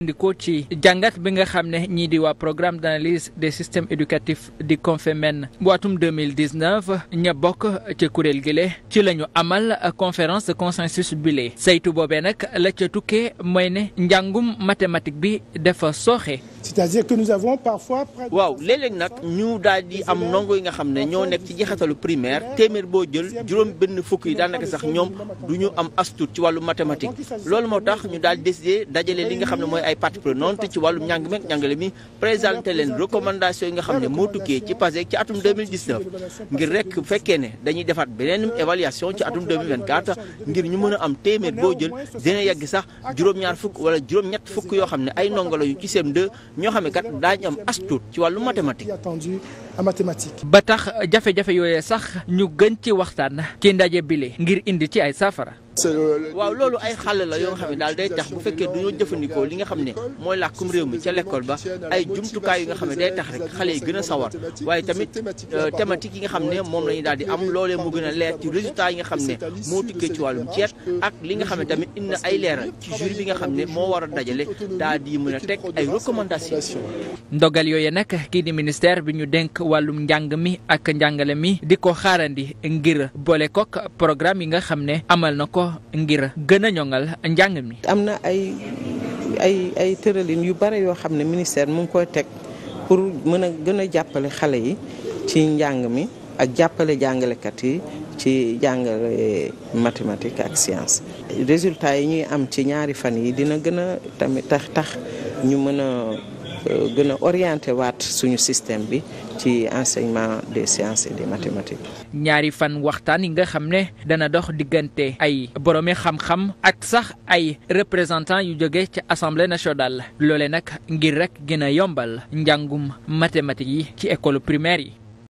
ndikoo ci jàngat bi nga xam ne ñi di waa programme d'analyse des systèmes éducatifs di Confémen waatum 2019 ña bokk ca kuréel gile ci la ñu amal conférence de consensus bile saytu boobee nag la ca tukkee mooy ne njàngum mathématique bi dafa sooxe c'est-à-dire waaw léeg nag ñu daal di am ndongo yi nga xam ne ñoo nekk ci jeexitalu primaire téeméer boo jël juróom benn fukk yi daanaka sax ñoom du ñu am astut ci wàllu mathématique loolu moo tax ñu daal décidé dajale ay parties prenantes ci wàllum njàng meek njàngale mi présenté leen recommandation yi nga xam ne moo tukkee ci PASEC ci atum 2019 ngir rek bu fekkee ne dañuy defaat beneen évaluation ci atum 2024 ngir ñu mën a am téeméer boo jël dina yegg sax juróom-ñaar fukk wala juróom-ñett fukk yoo xam ne ay ndongo la yu ci CM2 ñoo xam ne kat daañu am as tuut ci wàllu mathématique. ba tax jafe-jafe yooyee sax ñu gën ci waxtaan ci ndaje bile ngir indi ci ay saafara. waaw loolu ay xàll la yoo nga xam ne daal day tax bu fekkee du ñoo jëfandikoo li nga xam ne mooy làkkum réew mi ca l'école ba ay jumtukaay yi nga xam ne day tax rek xale yi gën a sawar waaye tamit euh, thématique yi nga xam ne moom la ñu daal di am loolee mu gën a leer ci résultat yi nga xam ne moo tukkee ci wàllum ceet ak li nga xam ne tamit indi ay leeral ci jury bi nga xam ne moo war a dajale daal di mën a teg ay recommandations. ndogal yooyu nag kii di ministère bi ñu dénk wàllum njàng mi ak njàngale mi di ko xaarandi ngir boole kook yi nga xam ko ngir gën a ñoŋal njàng mi. am na ay ay ay tëralin yu bare yoo xam ne ministère mu ngi koy teg pour mën a gën a jàppale xale yi ci njàng mi ak jàppale jàngalekat yi ci jàngale mathématique ak science. résultat yi ñuy am ci ñaari fan yi dina gën a tamit tax tax ñu mën a gën a orienté waat suñu système bi. ci enseignement des sciences et des mathématiques. ñaari fan waxtaan yi nga xam ne dana dox diggante ay boromi xam-xam ak sax ay représentants yu jóge ci assemblée nationale loole nag ngir rek gën a yombal njàngum mathématiques yi ci école primaire yi.